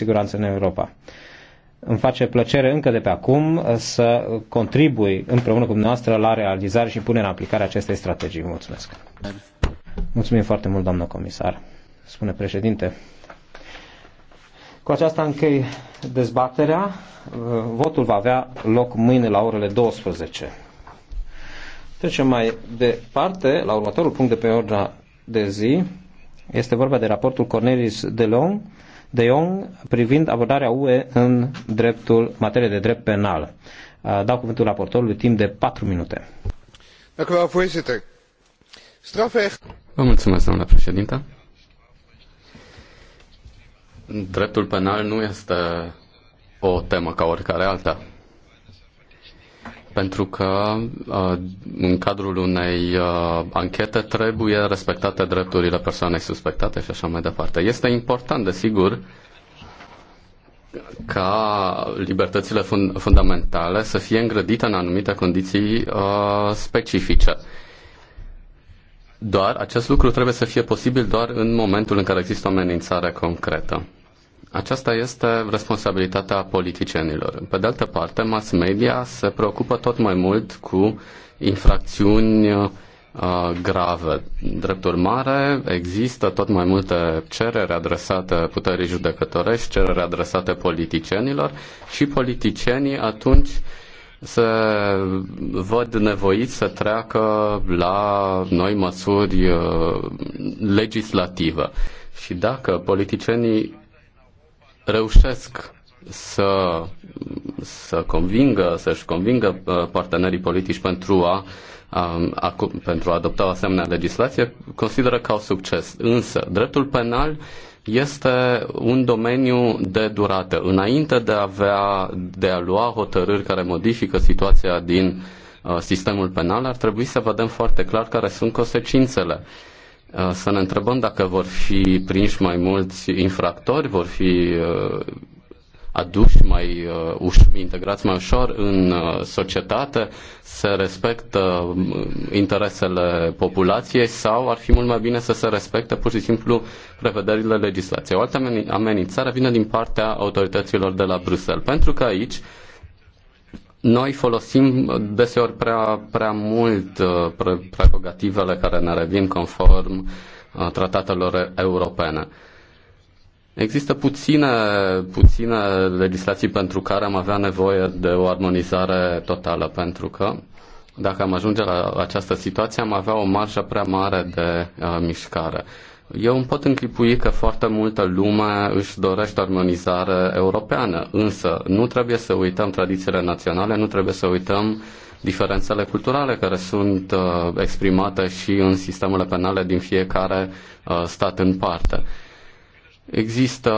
siguranță în Europa. Îmi face plăcere încă de pe acum să contribui împreună cu dumneavoastră la realizare și punerea în aplicare acestei strategii. Mulțumesc! Mulțumim foarte mult, doamnă comisar, spune președinte. Cu aceasta închei dezbaterea. Votul va avea loc mâine la orele 12. Trecem mai departe la următorul punct de pe ordinea de zi. Este vorba de raportul Cornelis de Long de Jong privind abordarea UE în dreptul, materie de drept penal. Dau cuvântul raportorului timp de 4 minute. Vă mulțumesc, domnule președinte. Dreptul penal nu este o temă ca oricare alta pentru că uh, în cadrul unei uh, anchete trebuie respectate drepturile persoanei suspectate și așa mai departe. Este important, desigur, ca libertățile fund- fundamentale să fie îngrădite în anumite condiții uh, specifice. Doar acest lucru trebuie să fie posibil doar în momentul în care există o amenințare concretă. Aceasta este responsabilitatea politicienilor. Pe de altă parte, mass media se preocupă tot mai mult cu infracțiuni uh, grave. Drept urmare, există tot mai multe cereri adresate puterii judecătorești, cereri adresate politicienilor și politicienii atunci se văd nevoiți să treacă la noi măsuri uh, legislative. Și dacă politicienii reușesc să, să convingă, să-și convingă uh, partenerii politici pentru a, a, um, a, pentru a adopta o asemenea legislație, consideră ca o succes. Însă, dreptul penal este un domeniu de durată. Înainte de a, avea, de a lua hotărâri care modifică situația din uh, sistemul penal, ar trebui să vedem foarte clar care sunt consecințele. Uh, Uh, să ne întrebăm dacă vor fi prinși mai mulți infractori, vor fi uh, aduși mai uh, uș- integrați mai ușor în societate, se respectă interesele populației sau ar fi mult mai bine să se respecte pur și simplu prevederile legislației. O altă amenințare vine din partea autorităților de la Bruxelles, pentru că aici noi folosim deseori prea, prea mult uh, prerogativele care ne revin conform uh, tratatelor europene. Există puține, puține legislații pentru care am avea nevoie de o armonizare totală, pentru că dacă am ajunge la această situație, am avea o marjă prea mare de uh, mișcare. Eu îmi pot închipui că foarte multă lume își dorește armonizare europeană, însă nu trebuie să uităm tradițiile naționale, nu trebuie să uităm diferențele culturale care sunt uh, exprimate și în sistemele penale din fiecare uh, stat în parte. Există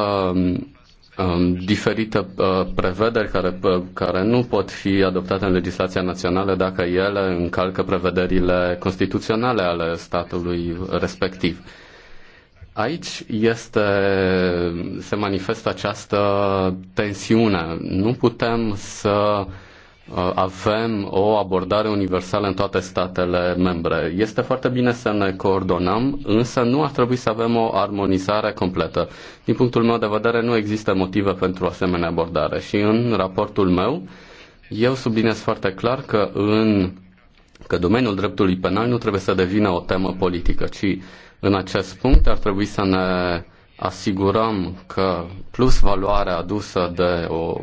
um, diferite uh, prevederi care, uh, care nu pot fi adoptate în legislația națională dacă ele încalcă prevederile constituționale ale statului respectiv. Aici este, se manifestă această tensiune. Nu putem să uh, avem o abordare universală în toate statele membre. Este foarte bine să ne coordonăm, însă nu ar trebui să avem o armonizare completă. Din punctul meu de vedere, nu există motive pentru asemenea abordare și în raportul meu eu subliniez foarte clar că în că domeniul dreptului penal nu trebuie să devină o temă politică, ci în acest punct ar trebui să ne asigurăm că plus valoarea adusă de o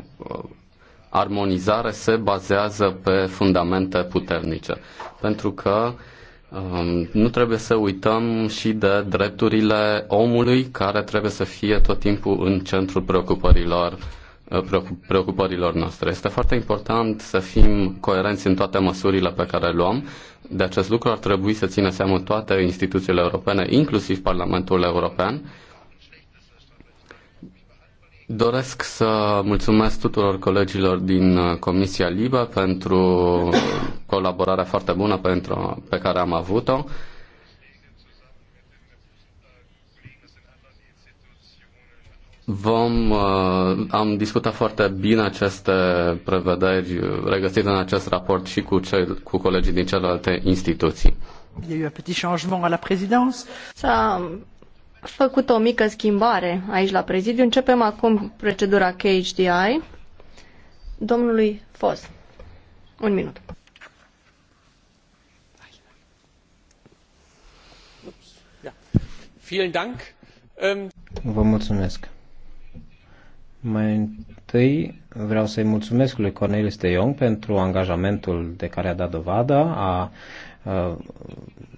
armonizare se bazează pe fundamente puternice. Pentru că um, nu trebuie să uităm și de drepturile omului care trebuie să fie tot timpul în centrul preocupărilor preocupărilor noastre. Este foarte important să fim coerenți în toate măsurile pe care le luăm. De acest lucru ar trebui să țină seamă toate instituțiile europene, inclusiv Parlamentul European. Doresc să mulțumesc tuturor colegilor din uh, Comisia Libă pentru colaborarea foarte bună pentru, pe care am avut-o. Vom, uh, am discutat foarte bine aceste prevederi regăsite în acest raport și cu, cei cu colegii din celelalte instituții. Il y a eu un petit changement à la présidence. S-a făcut o mică schimbare aici la prezidiu. Începem acum procedura KHDI. Domnului Fos, un minut. Ähm, Vă mulțumesc. Mai întâi vreau să-i mulțumesc lui Cornelis de Jong pentru angajamentul de care a dat dovadă, a, a uh,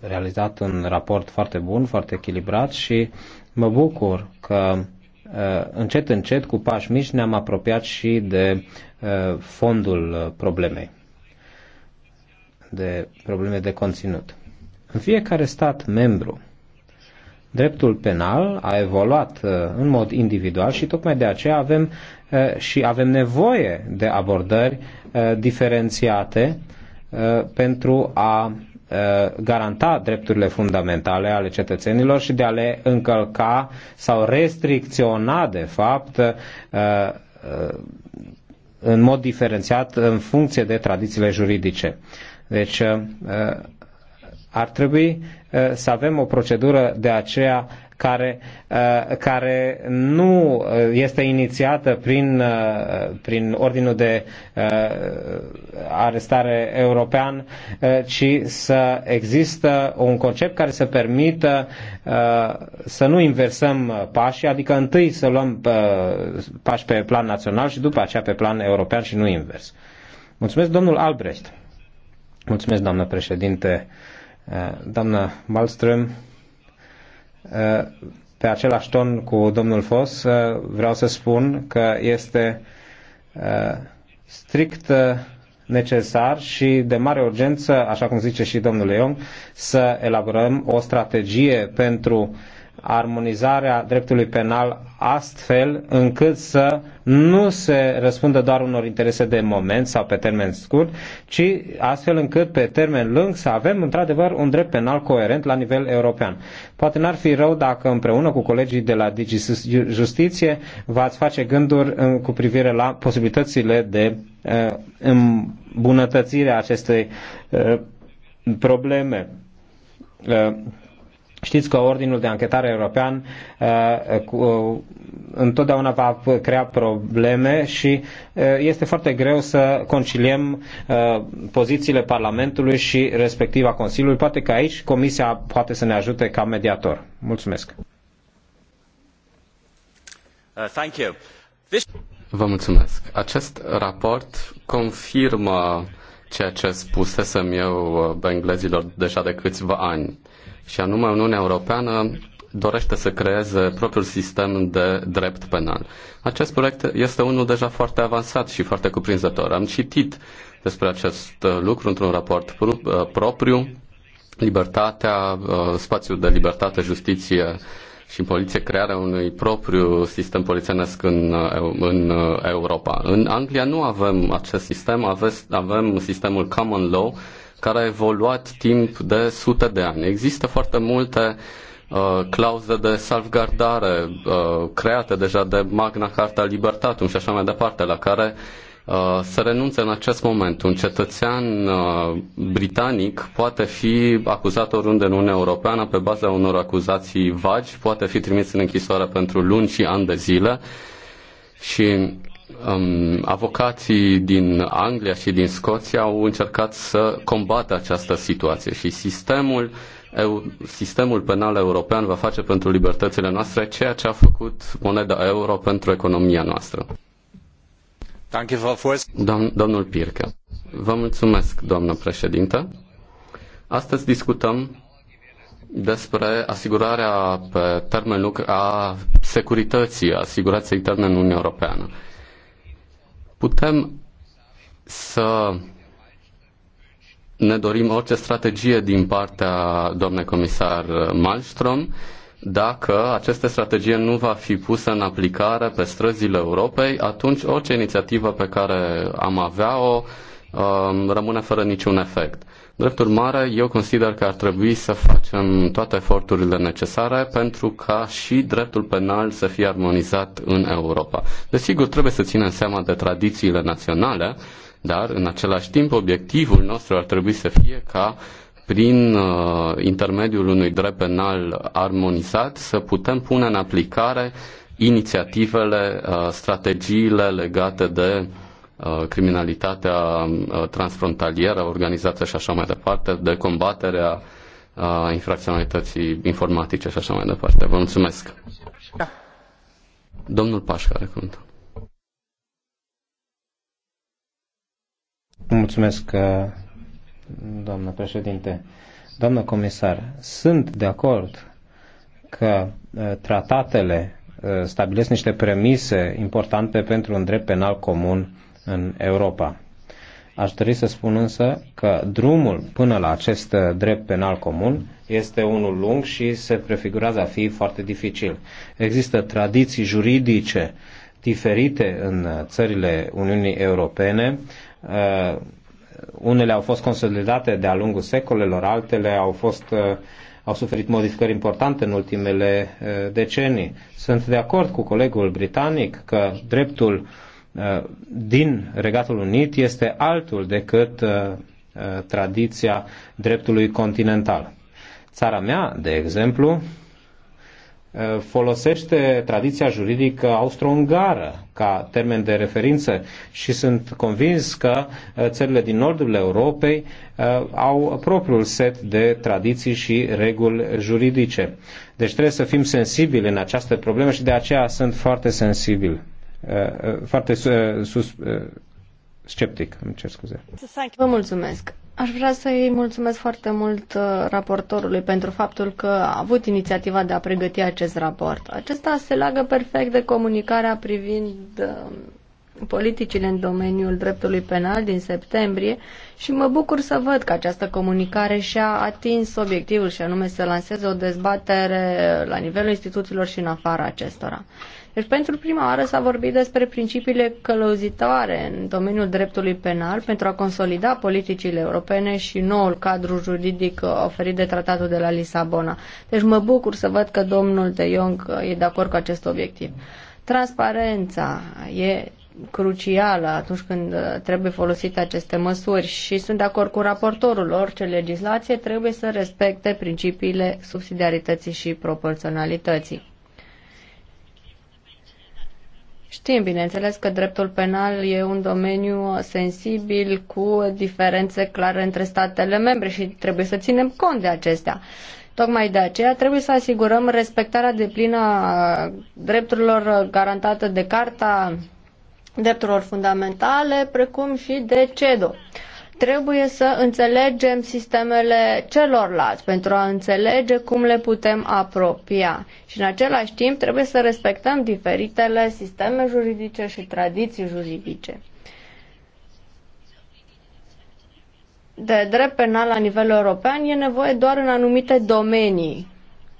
realizat un raport foarte bun, foarte echilibrat și mă bucur că uh, încet, încet, cu pași mici, ne-am apropiat și de uh, fondul problemei, de probleme de conținut. În fiecare stat membru dreptul penal a evoluat uh, în mod individual și tocmai de aceea avem uh, și avem nevoie de abordări uh, diferențiate pentru a garanta drepturile fundamentale ale cetățenilor și de a le încălca sau restricționa, de fapt, în mod diferențiat în funcție de tradițiile juridice. Deci, ar trebui uh, să avem o procedură de aceea care, uh, care nu uh, este inițiată prin, prin ordinul de arestare european, ci să există un concept care să permită să nu inversăm pașii, adică întâi să luăm pași pe plan național și după aceea pe plan european și nu invers. Mulțumesc, domnul Albrecht. Mulțumesc, doamnă președinte. Eh, doamnă Malström, eh, pe același ton cu domnul Fos, eh, vreau să spun că este strict necesar și de mare urgență, așa cum zice și domnul Leon, să elaborăm o strategie pentru uh, armonizarea dreptului penal astfel încât să nu se răspundă doar unor interese de moment sau pe termen scurt, ci astfel încât pe termen lung să avem într-adevăr un drept penal coerent la nivel european. Poate n-ar fi rău dacă împreună cu colegii de la Digi Justiție v-ați face gânduri cu privire la posibilitățile de uh, îmbunătățire a acestei uh, probleme uh, Știți că Ordinul de Anchetare European uh, uh, întotdeauna va crea probleme și uh, este foarte greu să conciliem uh, pozițiile Parlamentului și respectiva Consiliului. Poate că aici Comisia poate să ne ajute ca mediator. Mulțumesc. Uh, thank you. This... Vă mulțumesc. Acest raport confirmă ceea ce spusesem eu uh, englezilor deja de câțiva ani și anume Uniunea Europeană dorește să creeze propriul sistem de drept penal. Acest proiect este unul deja foarte avansat și foarte cuprinzător. Am citit despre acest lucru într-un raport uh, propriu, libertatea, uh, spațiul de libertate, justiție și în poliție crearea unui propriu sistem polițienesc în, în uh, Europa. În Anglia nu avem acest sistem, avem, avem sistemul common law, care a evoluat timp de sute de ani. Există foarte multe uh, clauze de salvgardare uh, create deja de Magna Carta Libertatum și așa mai departe, la care uh, să renunțe în acest moment. Un cetățean uh, britanic poate fi acuzat oriunde în Uniunea Europeană pe baza unor acuzații vagi, poate fi trimis în închisoare pentru luni și ani de zile și um, avocații din Anglia și din Scoția au încercat să combată această situație și sistemul eu, sistemul penal european va face pentru libertățile noastre ceea ce a făcut moneda euro pentru economia noastră. Dom- domnul Pirke, vă mulțumesc, doamnă președintă. Astăzi discutăm despre asigurarea pe termen lucru a securității, asigurației termenului în Uniunea Europeană. Putem să ne dorim orice strategie din partea doamnei comisar Malmström dacă această strategie nu va fi pusă în aplicare pe străzile Europei, atunci orice inițiativă pe care am avea-o Um, rămâne fără niciun efect. Drept urmare, eu consider că ar trebui să facem toate eforturile necesare pentru ca și dreptul penal să fie armonizat în Europa. Desigur, trebuie să ținem seama de tradițiile naționale, dar în același timp obiectivul nostru ar trebui să fie ca prin uh, intermediul unui drept penal armonizat să putem pune în aplicare inițiativele, uh, strategiile legate de uh, Uh, criminalitatea uh, transfrontalieră organizată și așa mai departe, de combaterea uh, infracționalității informatice și așa mai departe. Vă mulțumesc. Da. Domnul Pașca, recunt. Mulțumesc, doamnă președinte. Doamnă comisar, sunt de acord că tratatele stabilesc niște premise importante pentru un drept penal comun în Europa. Aș dori să spun însă că drumul până la acest drept penal comun este unul lung și se prefigurează a fi foarte dificil. Există tradiții juridice diferite în țările Uniunii Europene. Uh, unele au fost consolidate de-a lungul secolelor, altele au fost uh, au suferit modificări importante în ultimele uh, decenii. Sunt de acord cu colegul britanic că dreptul uh, Uh, din Regatul Unit este altul decât uh, uh, tradiția dreptului continental. Țara mea, de exemplu, folosește tradiția juridică austro-ungară ca termen de referință și sunt convins că țările din nordul Europei au propriul set de tradiții și reguli juridice. Deci trebuie să fim sensibili în această problemă și de aceea sunt foarte sensibil. Uh, foarte sus, uh, uh, sceptic, îmi cer scuze. Vă mulțumesc. Aș vrea să-i mulțumesc foarte mult raportorului pentru faptul că a avut inițiativa de a pregăti acest raport. Acesta se leagă perfect de comunicarea privind politicile în domeniul dreptului penal din septembrie și mă bucur să văd că această comunicare și-a atins obiectivul și anume să lanseze o dezbatere la nivelul instituțiilor și în afara acestora. Deci, pentru prima oară s-a vorbit despre principiile călăuzitoare în domeniul dreptului penal pentru a consolida politicile europene și noul cadru juridic oferit de tratatul de la Lisabona. Deci mă bucur să văd că domnul de Jong e de acord cu acest obiectiv. Transparența e crucială atunci când trebuie folosite aceste măsuri și sunt de acord cu raportorul. Orice legislație trebuie să respecte principiile subsidiarității și proporționalității. Știm, bineînțeles, că dreptul penal e un domeniu sensibil cu diferențe clare între statele membre și trebuie să ținem cont de acestea. Tocmai de aceea trebuie să asigurăm respectarea deplină a drepturilor garantate de Carta drepturilor fundamentale, precum și de CEDO. Trebuie să înțelegem sistemele celorlalți pentru a înțelege cum le putem apropia. Și în același timp trebuie să respectăm diferitele sisteme juridice și tradiții juridice. de drept penal la nivel european e nevoie doar în anumite domenii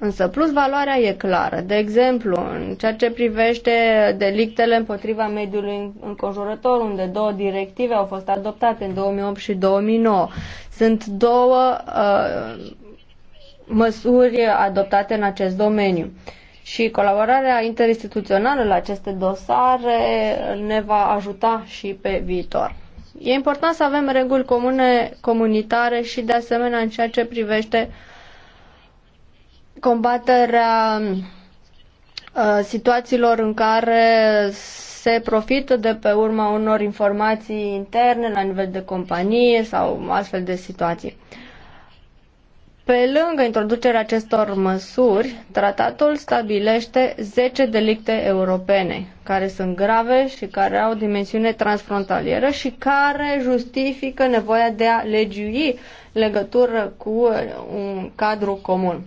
Însă plus valoarea e clară. De exemplu, în ceea ce privește delictele împotriva mediului înconjurător, unde două directive au fost adoptate în 2008 și 2009. Sunt două uh, măsuri adoptate în acest domeniu. Și colaborarea interinstituțională la aceste dosare ne va ajuta și pe viitor. E important să avem reguli comune comunitare și de asemenea în ceea ce privește uh, combaterea uh, situațiilor în care se profită de pe urma unor informații interne la nivel de companie sau astfel de situații. Pe lângă introducerea acestor măsuri, tratatul stabilește 10 delicte europene, care sunt grave și care au dimensiune transfrontalieră și care justifică nevoia de a legiui legătură cu un cadru comun.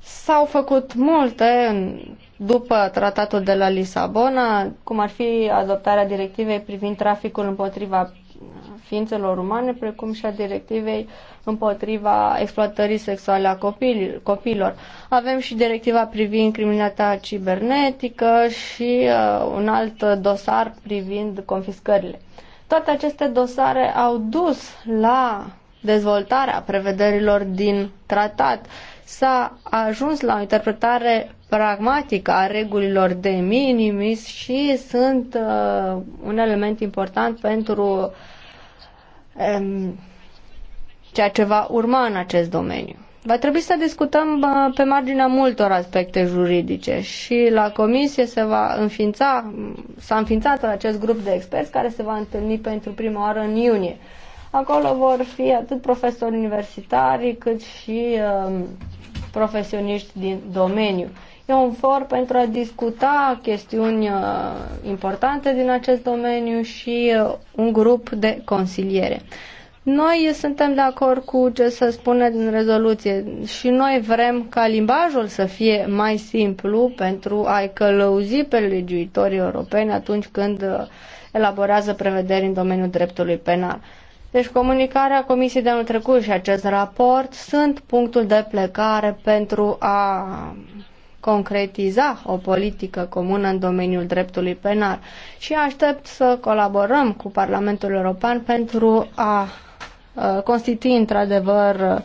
S-au făcut multe în, după tratatul de la Lisabona, cum ar fi adoptarea directivei privind traficul împotriva ființelor umane, precum și a directivei împotriva exploatării sexuale a copiilor. Avem și directiva privind criminalitatea cibernetică și uh, un alt dosar privind confiscările. Toate aceste dosare au dus la dezvoltarea prevederilor din tratat. S-a ajuns la o interpretare pragmatică a regulilor de minimis și sunt uh, un element important pentru um, ceea ce va urma în acest domeniu. Va trebui să discutăm uh, pe marginea multor aspecte juridice și la comisie se va înființa, s-a înființat acest grup de experți care se va întâlni pentru prima oară în iunie. Acolo vor fi atât profesori universitari cât și um, profesioniști din domeniu. E un for pentru a discuta chestiuni uh, importante din acest domeniu și uh, un grup de consiliere. Noi suntem de acord cu ce se spune din rezoluție și noi vrem ca limbajul să fie mai simplu pentru a-i călăuzi pe legiuitorii europeni atunci când uh, elaborează prevederi în domeniul dreptului penal. Deci comunicarea Comisiei de anul trecut și acest raport sunt punctul de plecare pentru a concretiza o politică comună în domeniul dreptului penal și aștept să colaborăm cu Parlamentul European pentru a uh, constitui într-adevăr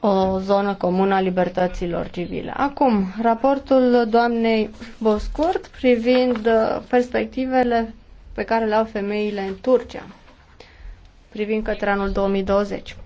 o zonă comună a libertăților civile. Acum, raportul doamnei Boscurt privind uh, perspectivele pe care le au femeile în Turcia privind către anul douăzeci